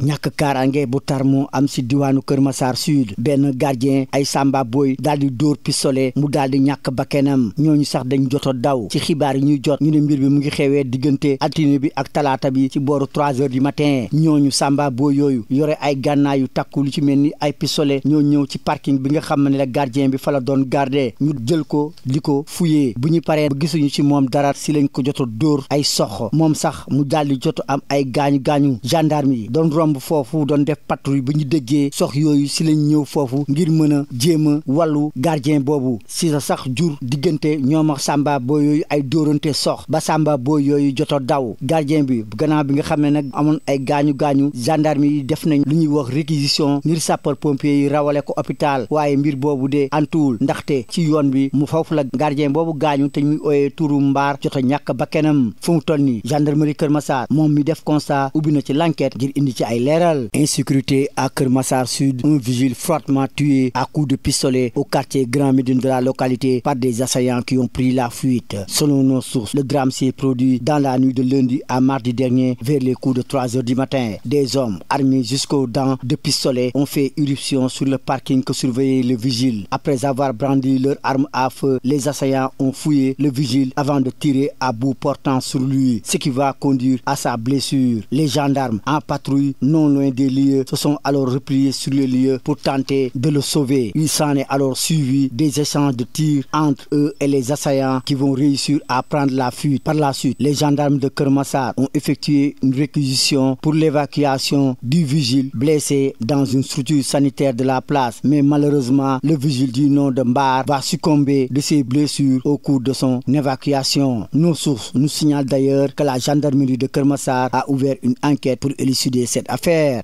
ñàkk kaaraange bu tar mu am si diwaanu Kër Massar Sud benn gardien ay samba boy daal di dóor pistolet mu daal di ñàkk bakkenam ñooñu sax dañu joto daw ci xibaar yi ñuy jot ñu ne mbir bi mu ngi xewee diggante altine bi ak talaata bi ci booru trois heures du matin ñooñu samba boy yooyu yore ay gànnaayu takku lu ci mel ni ay pistolet ñoo ñëw ci parking bi nga xam ne la gardien bi fala doon garder ñu jël ko di ko fuyee bu ñu paree ba gisuñu ci moom dara si lañ ko joto dóor ay sox moom sax mu daal di joto am ay gaañu gaañu gendarme romb foofu doon def patrouille bu ñu déggee sox yooyu si lañ ñëw foofu ngir mën a jéem a wàllu gardien boobu si sa sax jur diggante ñoom ak sàmba boo yooyu ay dóorante sox ba sàmba boo yooyu joto daw gardien bi gannaaw bi nga xam ne nag amoon ay gaañu gaañu gendarme yi def nañ lu ñuy wax réquisition ngir sapeur pompier yi rawale ko hôpital waaye mbir boobu de antuwul ndaxte ci yoon bi mu foofu la gardien boobu gaañu te ñuy ooyee turu mbaar joto ñàkk ba kenam fu mu toll nii gendarmerie Kër Massar Léral. Leral. Insécurité à Kermassar Sud, un vigile fortement tué à coups de pistolet au quartier Grand Médine de la localité par des assaillants qui ont pris la fuite. Selon nos sources, le drame s'est produit dans la nuit de lundi à mardi dernier vers les coups de 3 heures du matin. Des hommes armés jusqu'aux dents de pistolet ont fait irruption sur le parking que surveillait le vigile. Après avoir brandi leurs armes à feu, les assaillants ont fouillé le vigile avant de tirer à bout portant sur lui, ce qui va conduire à sa blessure. Les gendarmes en patrouille non loin des lieux, se sont alors repliés sur le lieux pour tenter de le sauver. Il s'en est alors suivi des échanges de tirs entre eux et les assaillants qui vont réussir à prendre la fuite. Par la suite, les gendarmes de Kermassar ont effectué une réquisition pour l'évacuation du vigile blessé dans une structure sanitaire de la place. Mais malheureusement, le vigile du nom de Mbar va succomber de ses blessures au cours de son évacuation. Nos sources nous signalent d'ailleurs que la gendarmerie de Kermassar a ouvert une enquête pour élucider cette affaire. fé